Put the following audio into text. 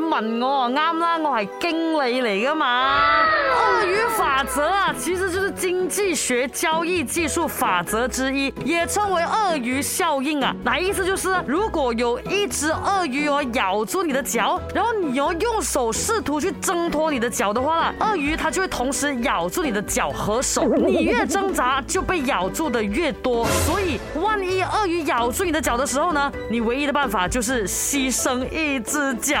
問我啱啦，我係經理嚟噶嘛？鱷魚法則啊，其實就是經濟學交易技術法則之一，也稱為鱷魚效應啊。嗱，意思就是如果有一隻鱷魚而咬住你的腳，然後你要用手試圖去掙脱你的腳的話，鱷魚它就會同時咬住你的腳和手，你越掙扎就被咬住的越多。所以萬一鱷魚咬住你的腳的時候呢，你唯一的辦法就是犧牲一隻腳。